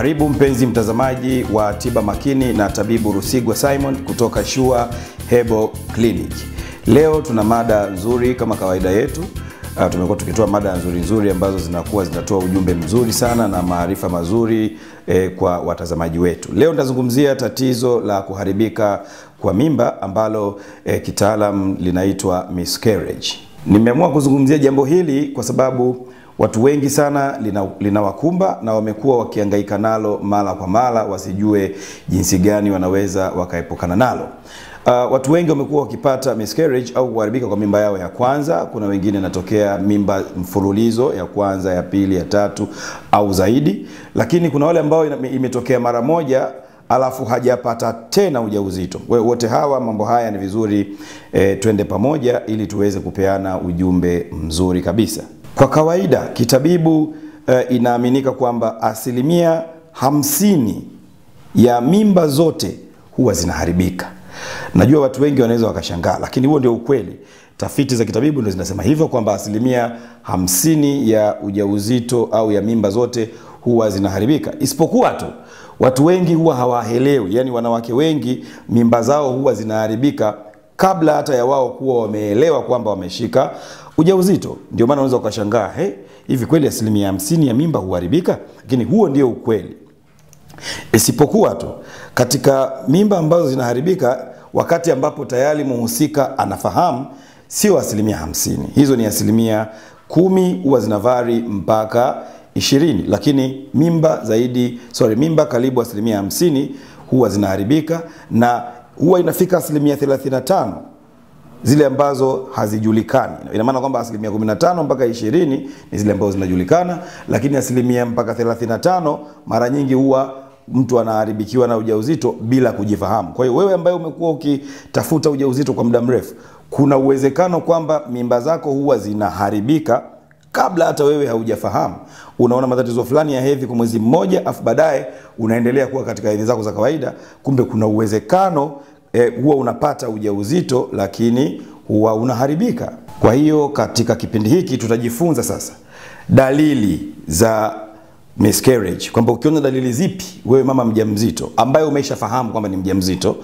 Karibu mpenzi mtazamaji wa Tiba Makini na tabibu Rusigwa Simon kutoka Shua hebo Clinic. Leo tuna mada nzuri kama kawaida yetu. Uh, tumekuwa tukitoa mada nzuri nzuri ambazo zinakuwa zinatoa ujumbe mzuri sana na maarifa mazuri eh, kwa watazamaji wetu. Leo nitazungumzia tatizo la kuharibika kwa mimba ambalo eh, kitaalam linaitwa miscarriage. Nimeamua kuzungumzia jambo hili kwa sababu watu wengi sana linawakumba lina na wamekuwa wakiangaika nalo mara kwa mara, wasijue jinsi gani wanaweza wakaepukana nalo. Uh, watu wengi wamekuwa wakipata miscarriage au kuharibika kwa mimba yao ya kwanza. Kuna wengine inatokea mimba mfululizo ya kwanza, ya pili, ya tatu au zaidi, lakini kuna wale ambao imetokea mara moja alafu hajapata tena ujauzito. wote hawa mambo haya ni vizuri eh, twende pamoja ili tuweze kupeana ujumbe mzuri kabisa. Kwa kawaida kitabibu e, inaaminika kwamba asilimia hamsini ya mimba zote huwa zinaharibika. Najua watu wengi wanaweza wakashangaa, lakini huo ndio ukweli. Tafiti za kitabibu ndio zinasema hivyo kwamba asilimia hamsini ya ujauzito au ya mimba zote huwa zinaharibika, isipokuwa tu watu wengi huwa hawaelewi, yani wanawake wengi mimba zao huwa zinaharibika kabla hata ya wao kuwa wameelewa kwamba wameshika ujauzito. Ndio maana unaweza ukashangaa, hey, hivi kweli asilimia hamsini ya mimba huharibika? Lakini huo ndio ukweli, isipokuwa tu katika mimba ambazo zinaharibika wakati ambapo tayari muhusika anafahamu, sio asilimia hamsini. Hizo ni asilimia kumi, huwa zinavari mpaka ishirini, lakini mimba zaidi sorry, mimba karibu asilimia hamsini huwa zinaharibika na huwa inafika asilimia 35 zile ambazo hazijulikani. Ina maana kwamba asilimia 15 mpaka 20 ni zile ambazo zinajulikana, lakini asilimia mpaka 35 mara nyingi huwa mtu anaharibikiwa na ujauzito bila kujifahamu. Kwa hiyo wewe ambaye umekuwa ukitafuta ujauzito kwa muda mrefu, kuna uwezekano kwamba mimba zako huwa zinaharibika kabla hata wewe haujafahamu. Unaona matatizo fulani ya hedhi kwa mwezi mmoja, afu baadaye unaendelea kuwa katika hedhi zako za kawaida, kumbe kuna uwezekano e, huwa unapata ujauzito lakini huwa unaharibika. Kwa hiyo katika kipindi hiki tutajifunza sasa dalili za miscarriage, kwamba ukiona dalili zipi wewe mama mjamzito ambaye umeshafahamu kwamba ni mjamzito,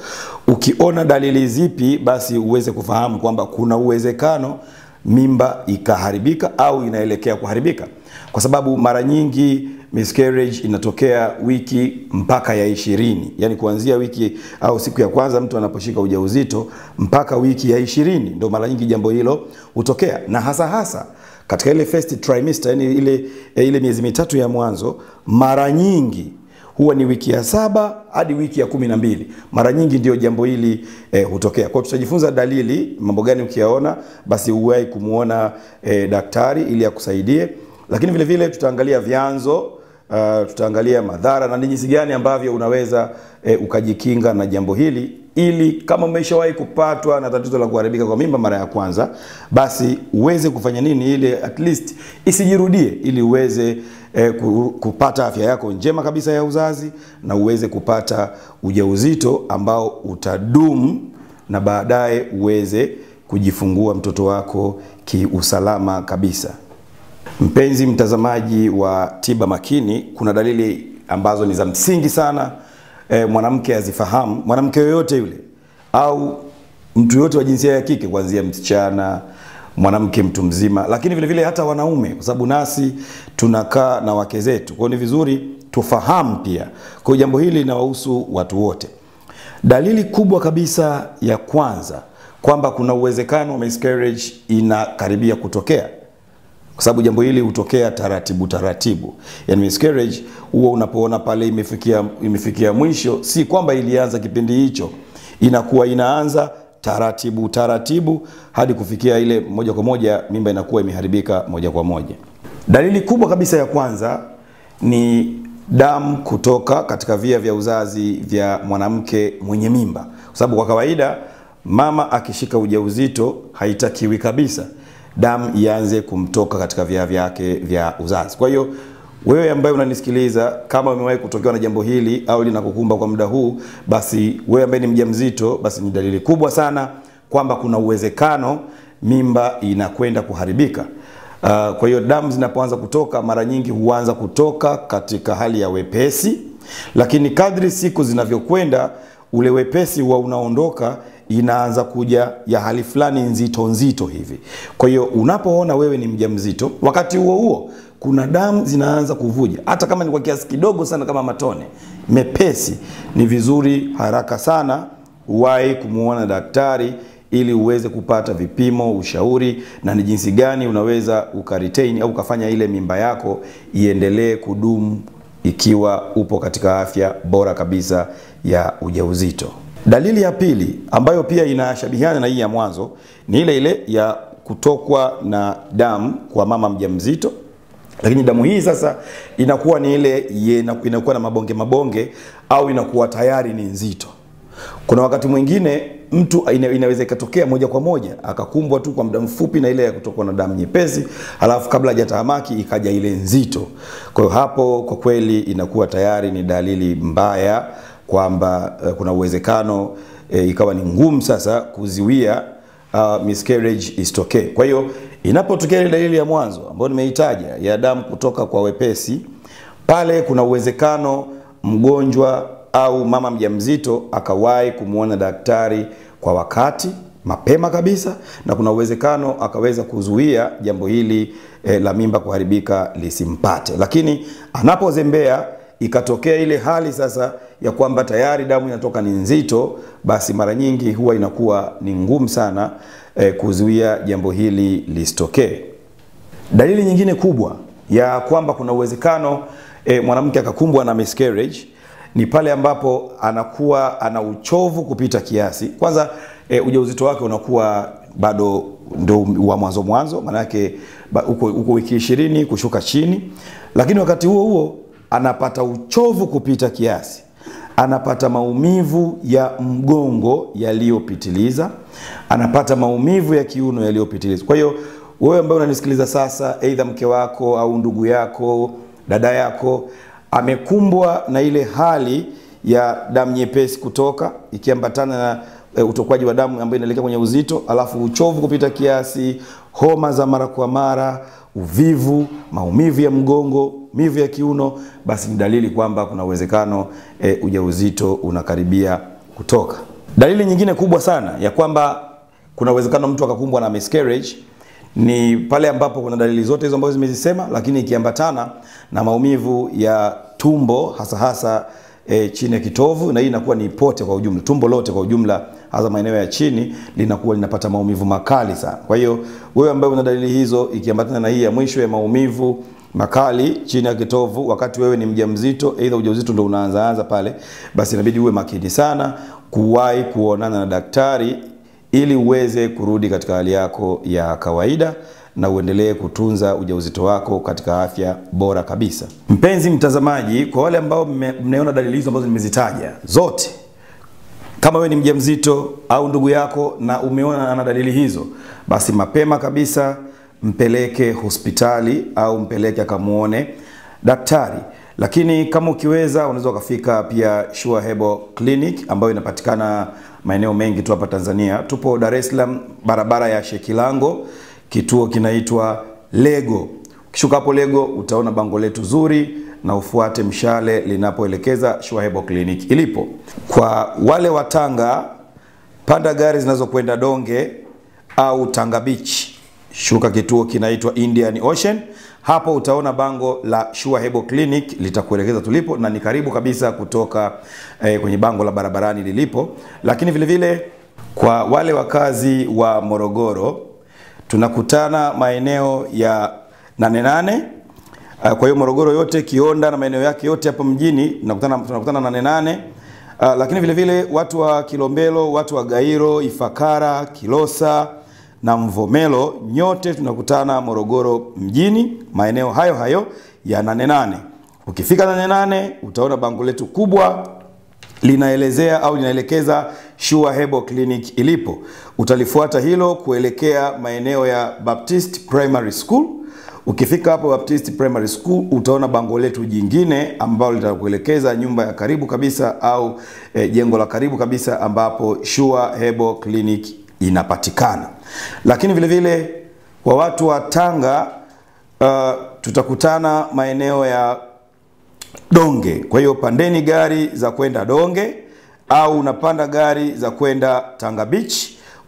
ukiona dalili zipi basi uweze kufahamu kwamba kuna uwezekano mimba ikaharibika au inaelekea kuharibika, kwa sababu mara nyingi miscarriage inatokea wiki mpaka ya ishirini, yani kuanzia wiki au siku ya kwanza mtu anaposhika ujauzito mpaka wiki ya ishirini ndio mara nyingi jambo hilo hutokea, na hasa hasa katika ile first trimester, yani ile, eh, ile miezi mitatu ya mwanzo, mara nyingi huwa ni wiki ya saba hadi wiki ya kumi na mbili. Mara nyingi ndio jambo hili eh, hutokea. Kwa tutajifunza dalili, mambo gani ukiyaona, basi uwahi kumwona eh, daktari ili akusaidie, lakini vile vile tutaangalia vyanzo uh, tutaangalia madhara na ni jinsi gani ambavyo unaweza eh, ukajikinga na jambo hili ili kama umeshawahi kupatwa na tatizo la kuharibika kwa mimba mara ya kwanza, basi uweze kufanya nini ili at least isijirudie, ili uweze eh, kupata afya yako njema kabisa ya uzazi na uweze kupata ujauzito ambao utadumu na baadaye uweze kujifungua mtoto wako kiusalama kabisa. Mpenzi mtazamaji wa Tiba Makini, kuna dalili ambazo ni za msingi sana e, mwanamke azifahamu, mwanamke yoyote yule au mtu yoyote wa jinsia ya kike, kuanzia msichana, mwanamke mtu mzima, lakini vile vile hata wanaume, kwa sababu nasi tunakaa na wake zetu, kwa ni vizuri tufahamu pia. Kwa jambo hili linawahusu watu wote. Dalili kubwa kabisa ya kwanza kwamba kuna uwezekano wa miscarriage inakaribia kutokea kwa sababu jambo hili hutokea taratibu taratibu. Yani miscarriage huwa unapoona pale imefikia, imefikia mwisho, si kwamba ilianza kipindi hicho, inakuwa inaanza taratibu taratibu hadi kufikia ile moja kwa moja mimba inakuwa imeharibika moja kwa moja. Dalili kubwa kabisa ya kwanza ni damu kutoka katika via vya uzazi vya mwanamke mwenye mimba, kwa sababu kwa kawaida mama akishika ujauzito haitakiwi kabisa damu ianze kumtoka katika via vyake vya uzazi. Kwa hiyo wewe ambaye unanisikiliza, kama umewahi kutokewa na jambo hili au linakukumba kwa muda huu, basi wewe ambaye ni mjamzito, basi ni dalili kubwa sana kwamba kuna uwezekano mimba inakwenda kuharibika. Uh, kwa hiyo damu zinapoanza kutoka mara nyingi huanza kutoka katika hali ya wepesi, lakini kadri siku zinavyokwenda ule wepesi huwa unaondoka inaanza kuja ya hali fulani nzito nzito hivi. Kwa hiyo unapoona wewe ni mjamzito, wakati huo huo kuna damu zinaanza kuvuja, hata kama ni kwa kiasi kidogo sana, kama matone mepesi, ni vizuri haraka sana uwahi kumuona daktari ili uweze kupata vipimo, ushauri na ni jinsi gani unaweza ukaretain au ukafanya ile mimba yako iendelee kudumu ikiwa upo katika afya bora kabisa ya ujauzito. Dalili ya pili ambayo pia inashabihiana na hii ya mwanzo ni ile ile ya kutokwa na damu kwa mama mjamzito, lakini damu hii sasa inakuwa ni ile inakuwa na mabonge mabonge au inakuwa tayari ni nzito. Kuna wakati mwingine mtu inaweza ikatokea moja kwa moja akakumbwa tu kwa muda mfupi na ile ya kutokwa na damu nyepesi, alafu kabla hajatahamaki ikaja ile nzito. Kwa hiyo hapo kwa kweli inakuwa tayari ni dalili mbaya kwamba uh, kuna uwezekano uh, ikawa ni ngumu sasa kuziwia uh, miscarriage isitokee. Kwa hiyo inapotokea ile dalili ya mwanzo ambayo nimeitaja ya damu kutoka kwa wepesi, pale kuna uwezekano mgonjwa au mama mjamzito akawahi kumwona daktari kwa wakati mapema kabisa, na kuna uwezekano akaweza kuzuia jambo hili eh, la mimba kuharibika lisimpate. Lakini anapozembea ikatokea ile hali sasa ya kwamba tayari damu inatoka ni nzito, basi mara nyingi huwa inakuwa ni ngumu sana e, kuzuia jambo hili lisitokee. Dalili nyingine kubwa ya kwamba kuna uwezekano e, mwanamke akakumbwa na miscarriage ni pale ambapo anakuwa ana uchovu kupita kiasi. Kwanza e, ujauzito wake unakuwa bado ndo wa mwanzo mwanzo, maana yake uko, uko wiki ishirini kushuka chini, lakini wakati huo huo anapata uchovu kupita kiasi, anapata maumivu ya mgongo yaliyopitiliza, anapata maumivu ya kiuno yaliyopitiliza. Kwa hiyo wewe ambaye unanisikiliza sasa, aidha mke wako au ndugu yako, dada yako amekumbwa na ile hali ya damu nyepesi kutoka ikiambatana na e, utokwaji wa damu ambayo inaelekea kwenye uzito, alafu uchovu kupita kiasi, homa za mara kwa mara, uvivu, maumivu ya mgongo, mivu ya kiuno, basi ni dalili kwamba kuna uwezekano e, ujauzito unakaribia kutoka. Dalili nyingine kubwa sana ya kwamba kuna uwezekano mtu akakumbwa na miscarriage ni pale ambapo kuna dalili zote hizo ambazo zimezisema, lakini ikiambatana na maumivu ya tumbo hasa hasa e, chini ya kitovu, na hii inakuwa ni pote kwa ujumla, tumbo lote kwa ujumla, hasa maeneo ya chini linakuwa linapata maumivu makali sana. Kwa hiyo wewe ambaye una dalili hizo ikiambatana na hii ya mwisho ya maumivu makali chini ya kitovu wakati wewe ni mjamzito, aidha ujauzito ndio unaanzaanza pale, basi inabidi uwe makini sana kuwahi kuonana na daktari ili uweze kurudi katika hali yako ya kawaida na uendelee kutunza ujauzito wako katika afya bora kabisa. Mpenzi mtazamaji, kwa wale ambao mnaona dalili hizo ambazo nimezitaja zote, kama wewe ni mjamzito au ndugu yako na umeona ana dalili hizo, basi mapema kabisa mpeleke hospitali au mpeleke akamuone daktari. Lakini kama ukiweza, unaweza ukafika pia Shua Herbal Clinic ambayo inapatikana maeneo mengi tu hapa Tanzania. Tupo Dar es Salaam, barabara ya Shekilango Kituo kinaitwa Lego. Ukishuka hapo Lego utaona bango letu zuri na ufuate mshale linapoelekeza Shwahebo Clinic ilipo. Kwa wale wa Tanga, panda gari zinazokwenda Donge au Tanga Beach, shuka kituo kinaitwa Indian Ocean. Hapo utaona bango la Shua Hebo Clinic litakuelekeza tulipo, na ni karibu kabisa kutoka eh, kwenye bango la barabarani lilipo. Lakini vile vile kwa wale wakazi wa Morogoro tunakutana maeneo ya nane nane uh, kwa hiyo Morogoro yote Kionda na maeneo yake yote hapa mjini tunakutana tunakutana nane nane uh, lakini vile vile watu wa Kilombero, watu wa Gairo, Ifakara, Kilosa na Mvomero nyote tunakutana Morogoro mjini maeneo hayo hayo ya nane nane. Ukifika nane nane utaona bango letu kubwa linaelezea au linaelekeza Shua Hebo Clinic ilipo. Utalifuata hilo kuelekea maeneo ya Baptist Primary School. Ukifika hapo Baptist Primary School utaona bango letu jingine ambalo litakuelekeza nyumba ya karibu kabisa au e, jengo la karibu kabisa ambapo Shua Hebo Clinic inapatikana. Lakini vile vile kwa watu wa Tanga uh, tutakutana maeneo ya Donge. Kwa hiyo pandeni gari za kwenda Donge au unapanda gari za kwenda Tanga Beach,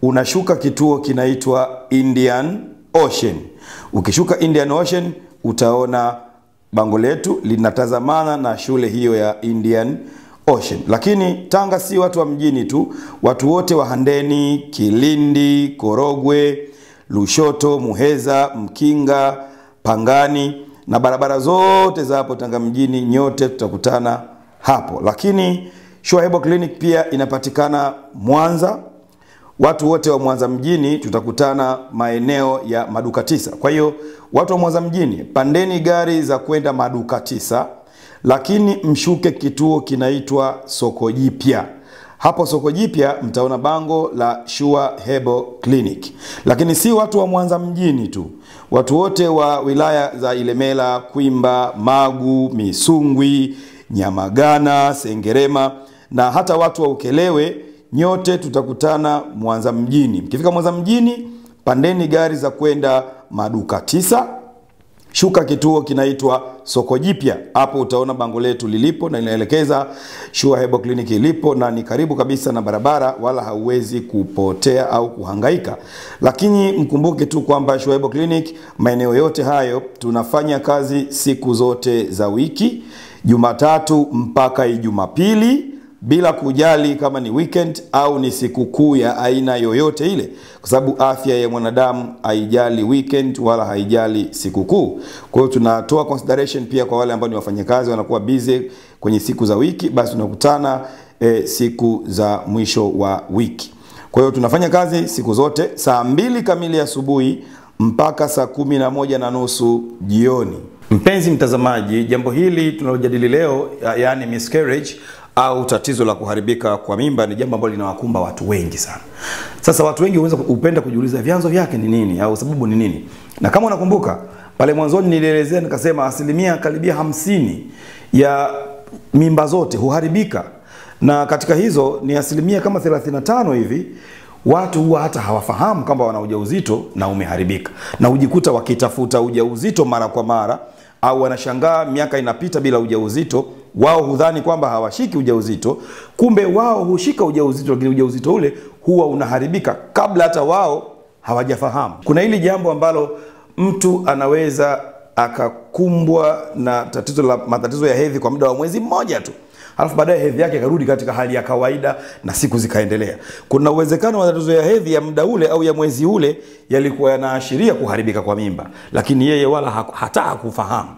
unashuka kituo kinaitwa Indian Ocean. Ukishuka Indian Ocean utaona bango letu linatazamana na shule hiyo ya Indian Ocean. Lakini Tanga si watu wa mjini tu, watu wote wa Handeni, Kilindi, Korogwe, Lushoto, Muheza, Mkinga, Pangani na barabara zote za hapo Tanga mjini, nyote tutakutana hapo. Lakini Sure Clinic pia inapatikana Mwanza. Watu wote wa Mwanza mjini tutakutana maeneo ya maduka tisa. Kwa hiyo watu wa Mwanza mjini, pandeni gari za kwenda maduka tisa, lakini mshuke kituo kinaitwa soko jipya hapo soko jipya mtaona bango la Shua Herbal Clinic. Lakini si watu wa Mwanza mjini tu, watu wote wa wilaya za Ilemela, Kwimba, Magu, Misungwi, Nyamagana, Sengerema na hata watu wa Ukelewe, nyote tutakutana Mwanza mjini. Mkifika Mwanza mjini, pandeni gari za kwenda maduka tisa Shuka kituo kinaitwa Soko Jipya. Hapo utaona bango letu lilipo na inaelekeza shua hebo Clinic ilipo na ni karibu kabisa na barabara, wala hauwezi kupotea au kuhangaika. Lakini mkumbuke tu kwamba shua hebo Clinic maeneo yote hayo tunafanya kazi siku zote za wiki, Jumatatu mpaka Ijumapili bila kujali kama ni weekend au ni sikukuu ya aina yoyote ile, kwa sababu afya ya mwanadamu haijali weekend wala haijali sikukuu. Kwa hiyo tunatoa consideration pia kwa wale ambao ni wafanyakazi wanakuwa busy kwenye siku za wiki, basi tunakutana e, siku za mwisho wa wiki. Kwa hiyo tunafanya kazi siku zote saa mbili kamili asubuhi mpaka saa kumi na moja na nusu jioni. Mpenzi mtazamaji, jambo hili tunalojadili leo, yaani miscarriage au tatizo la kuharibika kwa mimba ni jambo ambalo linawakumba watu wengi sana. Sasa watu wengi huweza kupenda kujiuliza vyanzo vyake ni nini au sababu ni nini, na kama unakumbuka pale mwanzoni nilielezea nikasema asilimia karibia hamsini ya mimba zote huharibika, na katika hizo ni asilimia kama 35 hivi watu huwa hata hawafahamu kwamba wana ujauzito na umeharibika, na hujikuta wakitafuta ujauzito mara kwa mara, au wanashangaa miaka inapita bila ujauzito wao hudhani kwamba hawashiki ujauzito, kumbe wao hushika ujauzito, lakini ujauzito ule huwa unaharibika kabla hata wao hawajafahamu. Kuna hili jambo ambalo mtu anaweza akakumbwa na tatizo la matatizo ya hedhi kwa muda wa mwezi mmoja tu alafu baadaye hedhi yake ikarudi katika hali ya kawaida na siku zikaendelea. Kuna uwezekano matatizo ya hedhi ya muda ule au ya mwezi ule yalikuwa yanaashiria kuharibika kwa mimba, lakini yeye wala hata kufahamu.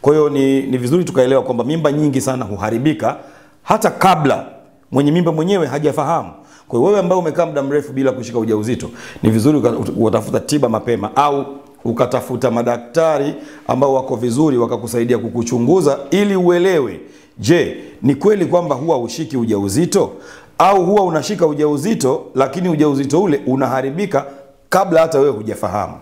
Kwa hiyo ni, ni vizuri tukaelewa kwamba mimba nyingi sana huharibika hata kabla mwenye mimba mwenyewe hajafahamu. Kwa hiyo wewe ambaye umekaa muda mrefu bila kushika ujauzito, ni vizuri ukatafuta tiba mapema au ukatafuta madaktari ambao wako vizuri wakakusaidia kukuchunguza ili uelewe, je, ni kweli kwamba huwa ushiki ujauzito au huwa unashika ujauzito lakini ujauzito ule unaharibika kabla hata wewe hujafahamu.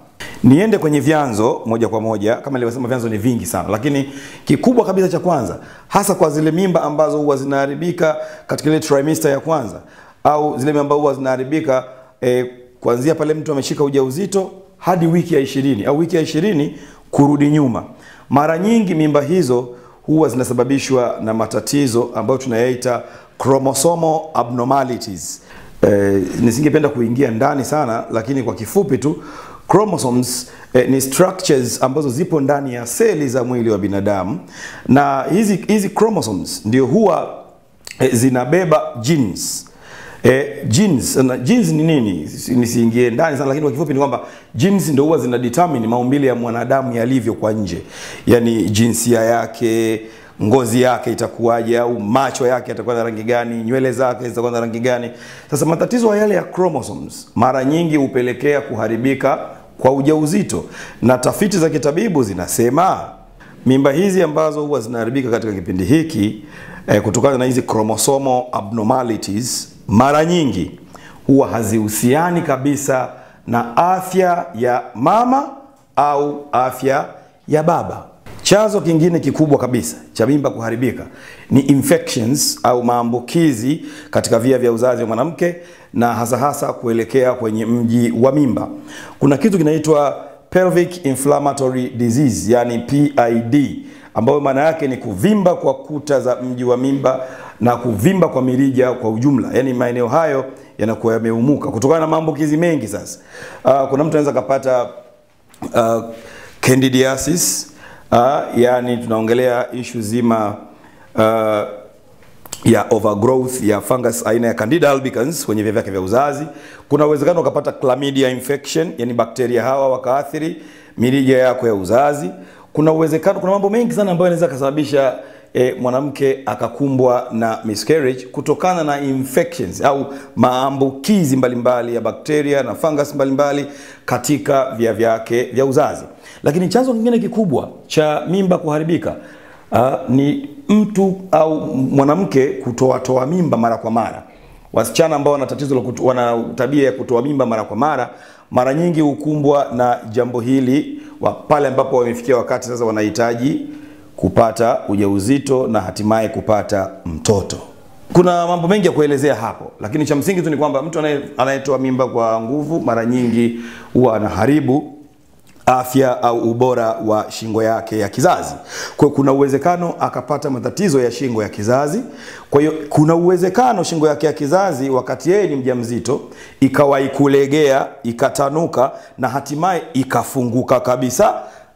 Niende kwenye vyanzo moja kwa moja, kama nilivyosema vyanzo ni vingi sana, lakini kikubwa kabisa cha kwanza, hasa kwa zile mimba ambazo huwa zinaharibika katika ile trimester ya kwanza au zile mimba huwa zinaharibika e, kuanzia pale mtu ameshika ujauzito hadi wiki ya ishirini au wiki ya ishirini kurudi nyuma. Mara nyingi mimba hizo huwa zinasababishwa na matatizo ambayo tunayaita chromosomal abnormalities. e, nisingependa kuingia ndani sana, lakini kwa kifupi tu Chromosomes eh, ni structures ambazo zipo ndani ya seli za mwili wa binadamu, na hizi, hizi chromosomes ndio huwa eh, zinabeba genes. Eh, genes, na genes ni nini? Nisiingie ndani sana, lakini kwa kifupi ni kwamba genes ndio huwa zina determine maumbile ya mwanadamu yalivyo kwa nje, yani jinsia yake, ngozi yake itakuwaje, au macho yake yatakuwa na rangi gani, nywele zake zitakuwa na rangi gani. Sasa matatizo yale ya chromosomes mara nyingi hupelekea kuharibika kwa ujauzito, na tafiti za kitabibu zinasema mimba hizi ambazo huwa zinaharibika katika kipindi hiki eh, kutokana na hizi chromosomal abnormalities mara nyingi huwa hazihusiani kabisa na afya ya mama au afya ya baba. Chanzo kingine kikubwa kabisa cha mimba kuharibika ni infections au maambukizi katika via vya uzazi wa mwanamke na hasa hasa kuelekea kwenye mji wa mimba. Kuna kitu kinaitwa pelvic inflammatory disease, yani PID, ambayo maana yake ni kuvimba kwa kuta za mji wa mimba na kuvimba kwa mirija kwa ujumla, yani maeneo hayo yanakuwa yameumuka kutokana na maambukizi mengi. Sasa uh, kuna mtu anaweza kapata uh, ah, candidiasis uh, yani tunaongelea ishu zima uh, ya overgrowth ya fungus aina ya Candida albicans kwenye via vyake vya uzazi. Kuna uwezekano ukapata chlamydia infection, yani bakteria hawa wakaathiri mirija yako ya uzazi. Kuna uwezekano, kuna mambo mengi sana ambayo yanaweza kusababisha e, eh, mwanamke akakumbwa na miscarriage kutokana na infections au maambukizi mbalimbali ya bakteria na fungus mbalimbali mbali katika via vyake vya uzazi. Lakini chanzo kingine kikubwa cha mimba kuharibika Ah, ni mtu au mwanamke kutoatoa mimba mara kwa mara. Wasichana ambao wana tatizo wana tabia ya kutoa mimba mara kwa mara, mara nyingi hukumbwa na jambo hili wa pale ambapo wamefikia wakati sasa wanahitaji kupata ujauzito na hatimaye kupata mtoto. Kuna mambo mengi ya kuelezea hapo, lakini cha msingi tu ni kwamba mtu anayetoa mimba kwa nguvu mara nyingi huwa anaharibu afya au ubora wa shingo yake ya kizazi. Kwa kuna uwezekano akapata matatizo ya shingo ya kizazi. Kwa hiyo kuna uwezekano shingo yake ya kizazi wakati yeye ni mjamzito ikawahi kulegea, ikatanuka na hatimaye ikafunguka kabisa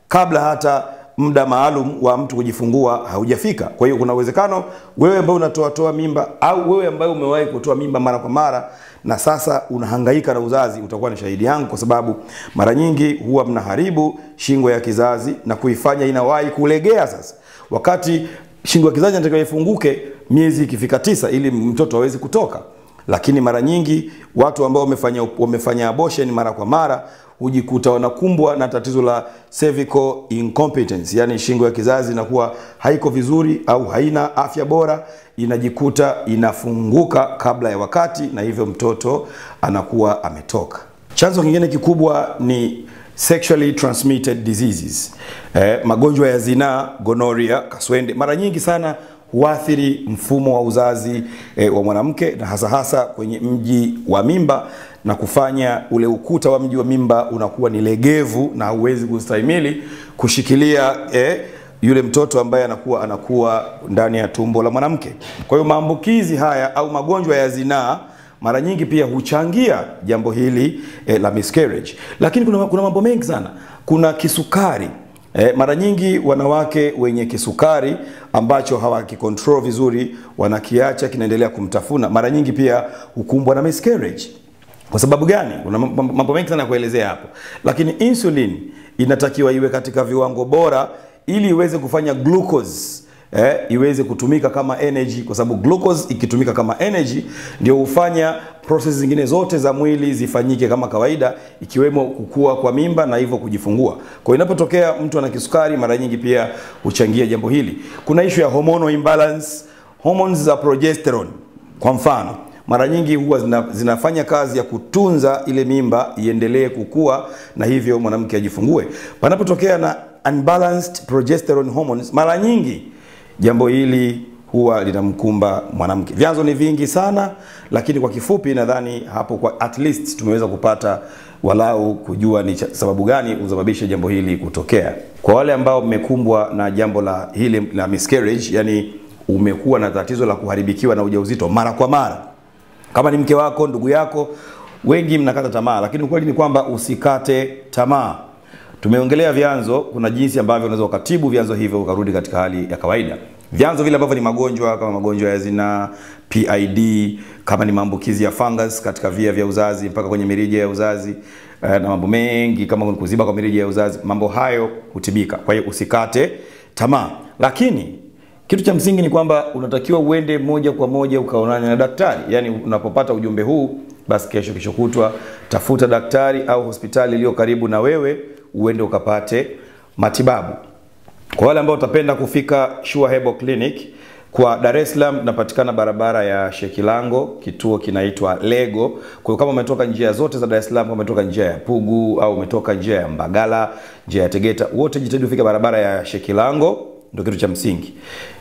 kabla hata muda maalum wa mtu kujifungua haujafika. Kwa hiyo kuna uwezekano wewe ambaye unatoa toa mimba au wewe ambaye umewahi kutoa mimba mara kwa mara na sasa unahangaika na uzazi, utakuwa ni shahidi yangu, kwa sababu mara nyingi huwa mnaharibu shingo ya kizazi na kuifanya inawahi kulegea. Sasa wakati shingo ya kizazi inatakiwa ifunguke miezi ikifika tisa, ili mtoto aweze kutoka lakini mara nyingi watu ambao wamefanya, wamefanya abortion mara kwa mara hujikuta wanakumbwa na tatizo la cervical incompetence, yani shingo ya kizazi inakuwa haiko vizuri au haina afya bora, inajikuta inafunguka kabla ya wakati na hivyo mtoto anakuwa ametoka. Chanzo kingine kikubwa ni sexually transmitted diseases. Eh, magonjwa ya zinaa, gonoria, kaswende mara nyingi sana huathiri mfumo wa uzazi eh, wa mwanamke na hasa hasa kwenye mji wa mimba na kufanya ule ukuta wa mji wa mimba unakuwa ni legevu na hauwezi kustahimili kushikilia eh, yule mtoto ambaye anakuwa anakuwa ndani ya tumbo la mwanamke. Kwa hiyo maambukizi haya au magonjwa ya zinaa mara nyingi pia huchangia jambo hili eh, la miscarriage. Lakini kuna, kuna mambo mengi sana. Kuna kisukari E, mara nyingi wanawake wenye kisukari ambacho hawakikontrol vizuri wanakiacha kinaendelea kumtafuna, mara nyingi pia hukumbwa na miscarriage. Kwa sababu gani? Kuna mambo mengi sana ya kuelezea hapo, lakini insulin inatakiwa iwe katika viwango bora ili iweze kufanya glucose eh, iweze kutumika kama energy, kwa sababu glucose ikitumika kama energy ndio hufanya process zingine zote za mwili zifanyike kama kawaida, ikiwemo kukua kwa mimba na hivyo kujifungua. Kwa inapotokea mtu ana kisukari, mara nyingi pia huchangia jambo hili. Kuna ishu ya hormonal imbalance, hormones za progesterone kwa mfano mara nyingi huwa zina, zinafanya kazi ya kutunza ile mimba iendelee kukua na hivyo mwanamke ajifungue. Panapotokea na unbalanced progesterone hormones, mara nyingi jambo hili huwa linamkumba mwanamke. Vyanzo ni vingi sana, lakini kwa kifupi nadhani hapo kwa at least tumeweza kupata walau kujua ni sababu gani husababisha jambo hili kutokea. Kwa wale ambao mmekumbwa na jambo la hili la miscarriage, yani umekuwa na tatizo la kuharibikiwa na ujauzito mara kwa mara, kama ni mke wako, ndugu yako, wengi mnakata tamaa, lakini ukweli ni kwamba usikate tamaa. Tumeongelea vyanzo, kuna jinsi ambavyo unaweza ukatibu vyanzo hivyo ukarudi katika hali ya kawaida. Vyanzo vile ambavyo ni magonjwa kama magonjwa ya zinaa, PID, kama ni maambukizi ya fungus katika via vya uzazi mpaka kwenye mirija ya uzazi eh, na mambo mengi kama kuziba kwa mirija ya uzazi, mambo hayo hutibika. Kwa hiyo usikate tamaa, lakini kitu cha msingi ni kwamba unatakiwa uende moja kwa moja ukaonane na daktari. Yani unapopata ujumbe huu, basi kesho kesho kutwa tafuta daktari au hospitali iliyo karibu na wewe uende ukapate matibabu. Kwa wale ambao utapenda kufika Shua Herbal Clinic kwa Dar es Salaam, tunapatikana barabara ya Shekilango, kituo kinaitwa Lego. Kwa hiyo kama umetoka njia zote za Dar es Salaam, umetoka njia ya Pugu au umetoka njia ya Mbagala, njia ya Tegeta, wote jitahidi ufike barabara ya Shekilango ndio kitu cha msingi.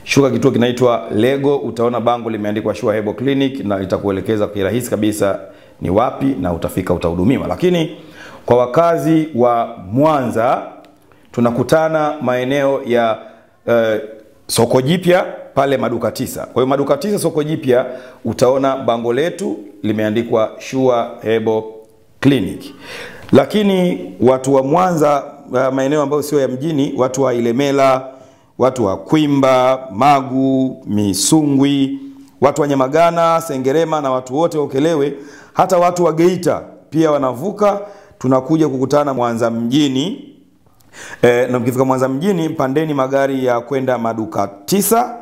Shuka kituo kinaitwa Lego, utaona bango limeandikwa Shua Herbal Clinic na itakuelekeza kirahisi kabisa ni wapi na utafika utahudumiwa. Lakini kwa wakazi wa Mwanza tunakutana maeneo ya eh, soko jipya pale maduka tisa. Kwa hiyo maduka tisa soko jipya utaona bango letu limeandikwa shua hebo Clinic. Lakini watu wa Mwanza eh, maeneo ambayo sio ya mjini, watu wa Ilemela, watu wa Kwimba, Magu, Misungwi, watu wa Nyamagana, Sengerema na watu wote wa hata watu wa Geita pia wanavuka tunakuja kukutana Mwanza mjini e, na mkifika Mwanza mjini pandeni magari ya kwenda maduka tisa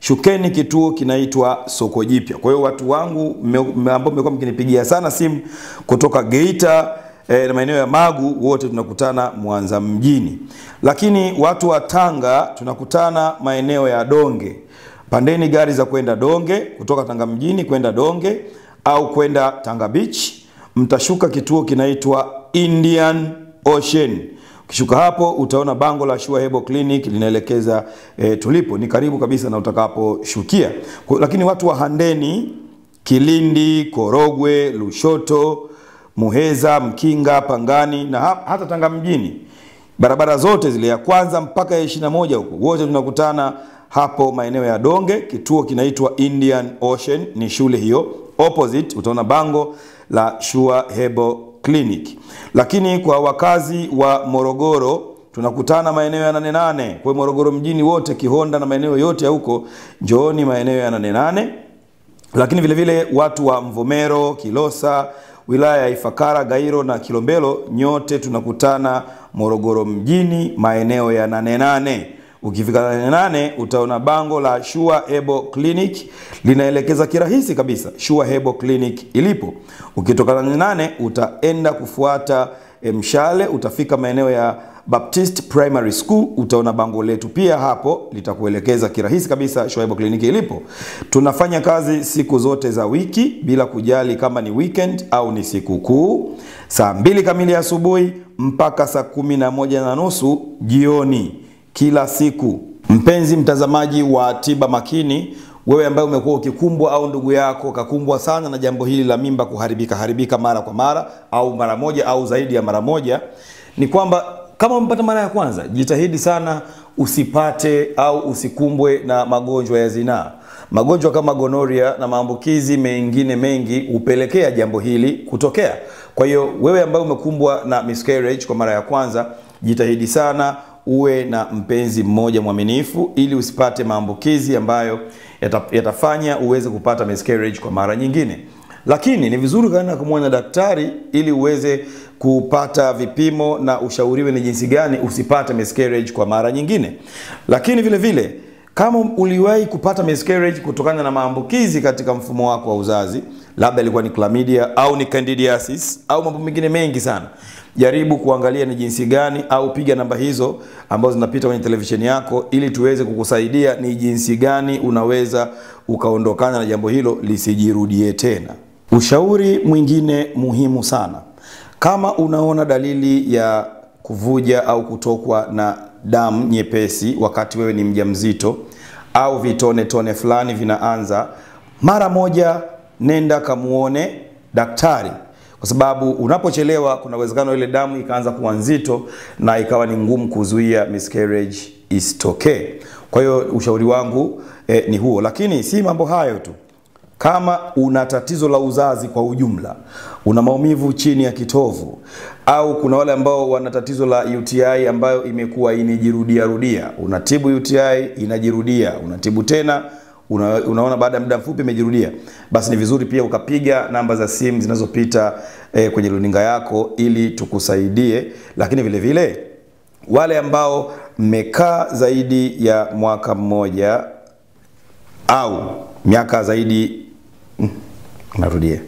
shukeni kituo kinaitwa soko jipya. Kwa hiyo watu wangu ambao mmekuwa mkinipigia sana simu kutoka Geita e, na maeneo ya Magu, wote tunakutana Mwanza mjini, lakini watu wa Tanga tunakutana maeneo ya Donge. Pandeni gari za kwenda Donge kutoka Tanga mjini kwenda Donge au kwenda Tanga Beach, mtashuka kituo kinaitwa Indian Ocean. Ukishuka hapo utaona bango la Shua Herbal Clinic linaelekeza e, tulipo, ni karibu kabisa na utakaposhukia. Lakini watu wa Handeni, Kilindi, Korogwe, Lushoto, Muheza, Mkinga, Pangani na ha hata Tanga mjini, barabara zote zile ya kwanza mpaka ya ishirini moja huko wote tunakutana hapo maeneo ya Donge. Kituo kinaitwa Indian Ocean, ni shule hiyo. Opposite utaona bango la Shua Herbal Clinic. Lakini kwa wakazi wa Morogoro tunakutana maeneo ya Nane Nane kwa Morogoro mjini wote, Kihonda na maeneo yote ya huko, njooni maeneo ya Nane Nane. Lakini vile vile watu wa Mvomero, Kilosa, wilaya ya Ifakara, Gairo na Kilombero, nyote tunakutana Morogoro mjini maeneo ya Nane Nane. Ukifika tarehe nane utaona bango la shua ebo Clinic linaelekeza kirahisi kabisa shua ebo Clinic ilipo. Ukitoka tarehe nane utaenda kufuata eh, Mshale, utafika maeneo ya Baptist Primary School, utaona bango letu pia hapo litakuelekeza kirahisi kabisa Sure Clinic ilipo. Tunafanya kazi siku zote za wiki bila kujali kama ni weekend au ni siku kuu saa mbili kamili asubuhi mpaka saa 11 na nusu jioni kila siku. Mpenzi mtazamaji wa Tiba Makini, wewe ambaye umekuwa ukikumbwa au ndugu yako kakumbwa sana na jambo hili la mimba kuharibika haribika mara kwa mara au mara moja au zaidi ya mara moja, ni kwamba kama umepata mara ya kwanza, jitahidi sana usipate au usikumbwe na magonjwa ya zinaa. Magonjwa kama gonoria na maambukizi mengine mengi hupelekea jambo hili kutokea. Kwa hiyo wewe ambaye umekumbwa na miscarriage kwa mara ya kwanza, jitahidi sana uwe na mpenzi mmoja mwaminifu ili usipate maambukizi ambayo yatafanya uweze kupata miscarriage kwa mara nyingine lakini ni vizuri kana kumwona daktari ili uweze kupata vipimo na ushauriwe ni jinsi gani usipate miscarriage kwa mara nyingine lakini vile vile kama uliwahi kupata miscarriage kutokana na maambukizi katika mfumo wako wa uzazi labda ilikuwa ni chlamydia au ni candidiasis au mambo mengine mengi sana jaribu kuangalia ni jinsi gani, au piga namba hizo ambazo zinapita kwenye televisheni yako, ili tuweze kukusaidia ni jinsi gani unaweza ukaondokana na jambo hilo lisijirudie tena. Ushauri mwingine muhimu sana, kama unaona dalili ya kuvuja au kutokwa na damu nyepesi wakati wewe ni mjamzito au vitone tone fulani vinaanza, mara moja nenda kamuone daktari kwa sababu unapochelewa kuna uwezekano ile damu ikaanza kuwa nzito na ikawa ni ngumu kuzuia miscarriage isitokee. Kwa hiyo ushauri wangu eh, ni huo, lakini si mambo hayo tu. Kama una tatizo la uzazi kwa ujumla, una maumivu chini ya kitovu, au kuna wale ambao wana tatizo la UTI ambayo imekuwa inijirudia rudia, unatibu UTI inajirudia, unatibu tena una, unaona baada ya muda mfupi imejirudia, basi ni vizuri pia ukapiga namba za simu zinazopita eh, kwenye runinga yako ili tukusaidie. Lakini vile vile wale ambao mmekaa zaidi ya mwaka mmoja au miaka zaidi mm, narudia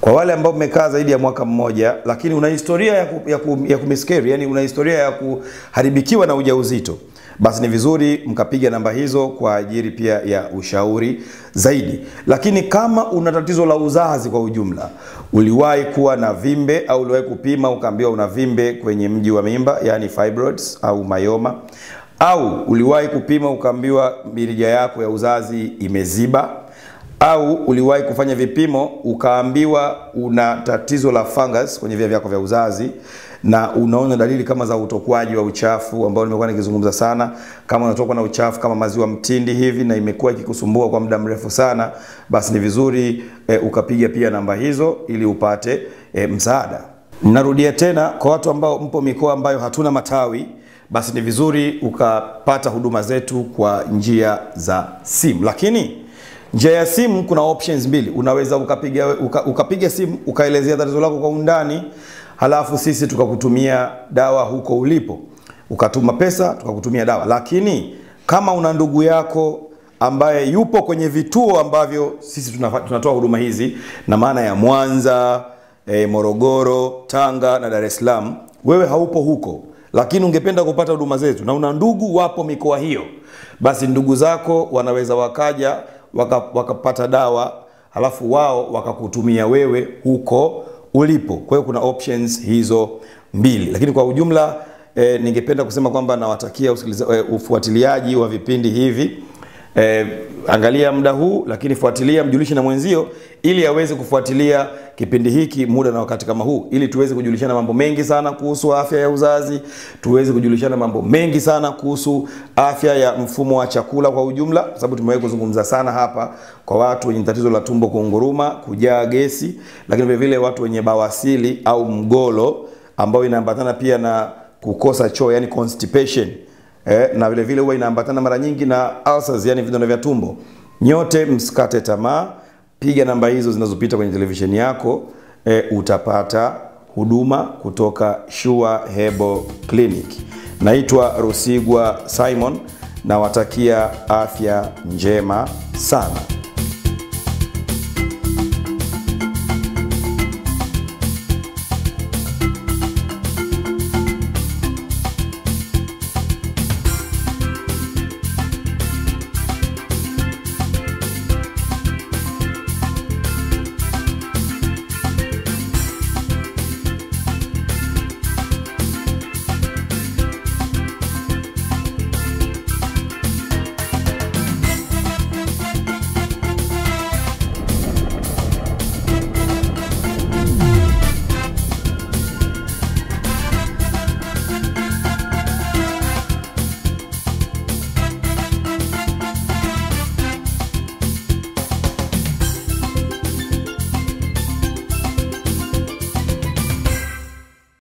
kwa wale ambao mmekaa zaidi ya mwaka mmoja lakini una historia ya, ku, ya, ku, ya kumiskeri yani una historia ya kuharibikiwa na ujauzito basi ni vizuri mkapiga namba hizo kwa ajili pia ya ushauri zaidi. Lakini kama una tatizo la uzazi kwa ujumla, uliwahi kuwa na vimbe au uliwahi kupima ukaambiwa una vimbe kwenye mji wa mimba, yani fibroids au mayoma, au uliwahi kupima ukaambiwa mirija yako ya uzazi imeziba, au uliwahi kufanya vipimo ukaambiwa una tatizo la fungus kwenye via vyako vya uzazi na unaona dalili kama za utokwaji wa uchafu ambao nimekuwa nikizungumza sana, kama unatokwa na uchafu kama maziwa mtindi hivi na imekuwa ikikusumbua kwa muda mrefu sana, basi ni vizuri e, ukapiga pia namba hizo ili upate e, msaada. Narudia tena kwa watu ambao mpo mikoa ambayo hatuna matawi basi ni vizuri ukapata huduma zetu kwa njia za simu. Lakini njia ya simu kuna options mbili, unaweza ukapiga uka, ukapiga simu ukaelezea tatizo lako kwa undani, halafu sisi tukakutumia dawa huko ulipo, ukatuma pesa tukakutumia dawa. Lakini kama una ndugu yako ambaye yupo kwenye vituo ambavyo sisi tunatoa huduma hizi, na maana ya Mwanza, e, Morogoro, Tanga na Dar es Salaam, wewe haupo huko lakini ungependa kupata huduma zetu na una ndugu wapo mikoa hiyo, basi ndugu zako wanaweza wakaja wakapata waka dawa halafu wao wakakutumia wewe huko ulipo. Kwa hiyo kuna options hizo mbili, lakini kwa ujumla e, ningependa kusema kwamba nawatakia e, ufuatiliaji wa vipindi hivi eh, angalia muda huu, lakini fuatilia, mjulishi na mwenzio ili aweze kufuatilia kipindi hiki muda na wakati kama huu, ili tuweze kujulishana mambo mengi sana kuhusu afya ya uzazi, tuweze kujulishana mambo mengi sana kuhusu afya ya mfumo wa chakula kwa ujumla, kwa sababu tumewahi kuzungumza sana hapa kwa watu wenye tatizo la tumbo kuunguruma, kujaa gesi, lakini vile vile watu wenye bawasili au mgolo ambayo inaambatana pia na kukosa choo, yani constipation eh, na vile vile huwa inaambatana mara nyingi na ulcers, yani vidonda vya tumbo. Nyote msikate tamaa, piga namba hizo zinazopita kwenye televisheni yako eh, utapata huduma kutoka shua Herbal Clinic. Naitwa Rusigwa Simon, nawatakia afya njema sana.